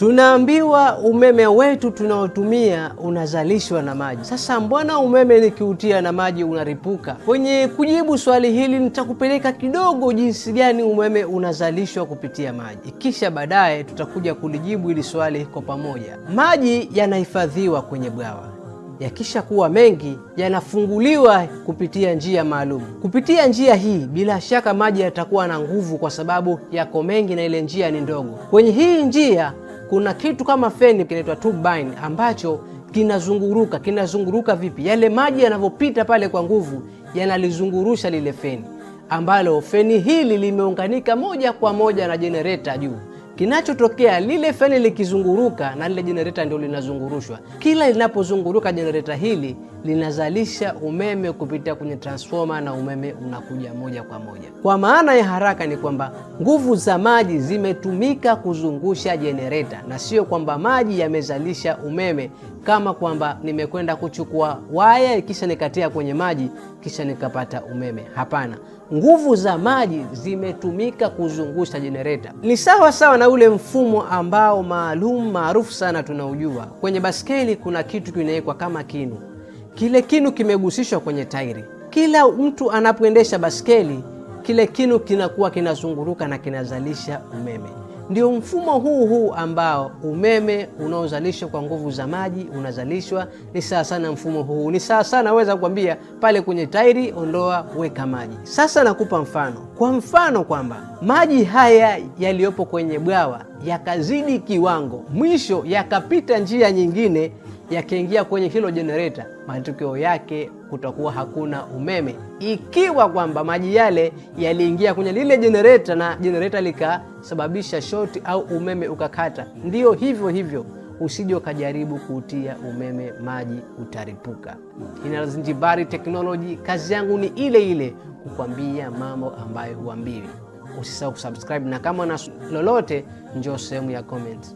Tunaambiwa umeme wetu tunaotumia unazalishwa na maji. Sasa mbona umeme nikiutia na maji unaripuka? Kwenye kujibu swali hili, nitakupeleka kidogo jinsi gani umeme unazalishwa kupitia maji, kisha baadaye tutakuja kulijibu hili swali kwa pamoja. Maji yanahifadhiwa kwenye bwawa yakisha kuwa mengi yanafunguliwa kupitia njia maalum. Kupitia njia hii, bila shaka maji yatakuwa na nguvu, kwa sababu yako mengi na ile njia ni ndogo. Kwenye hii njia kuna kitu kama feni kinaitwa turbine ambacho kinazunguruka. Kinazunguruka vipi? Yale maji yanavyopita pale kwa nguvu yanalizungurusha lile feni, ambalo feni hili limeunganika moja kwa moja na jenereta juu Kinachotokea, lile feni likizunguruka na lile jenereta ndio linazungurushwa. Kila linapozunguruka jenereta hili linazalisha umeme kupitia kwenye transfoma na umeme unakuja moja kwa moja. Kwa maana ya haraka ni kwamba nguvu za maji zimetumika kuzungusha jenereta, na sio kwamba maji yamezalisha umeme, kama kwamba nimekwenda kuchukua waya kisha nikatia kwenye maji kisha nikapata umeme. Hapana nguvu za maji zimetumika kuzungusha jenereta. Ni sawa sawa na ule mfumo ambao maalum maarufu sana tunaujua kwenye baskeli. Kuna kitu kinawekwa kama kinu, kile kinu kimegusishwa kwenye tairi. Kila mtu anapoendesha baskeli, kile kinu kinakuwa kinazunguruka na kinazalisha umeme. Ndio mfumo huu huu ambao umeme unaozalishwa kwa nguvu za maji unazalishwa, ni sawa sana mfumo huu, ni sawa sana weza kukwambia pale kwenye tairi, ondoa weka maji. Sasa nakupa mfano, kwa mfano kwamba maji haya yaliyopo kwenye bwawa yakazidi kiwango, mwisho yakapita njia nyingine yakiingia kwenye hilo jenereta, matokeo yake kutakuwa hakuna umeme, ikiwa kwamba maji yale yaliingia kwenye lile jenereta na jenereta likasababisha shoti au umeme ukakata. ndio hivyo hivyo, usije ukajaribu kuutia umeme maji, utaripuka. Alzenjbary Technology, kazi yangu ni ile ile, kukwambia mambo ambayo huambiwi. Usisahau kusubscribe na kama na lolote, njoo sehemu ya comment.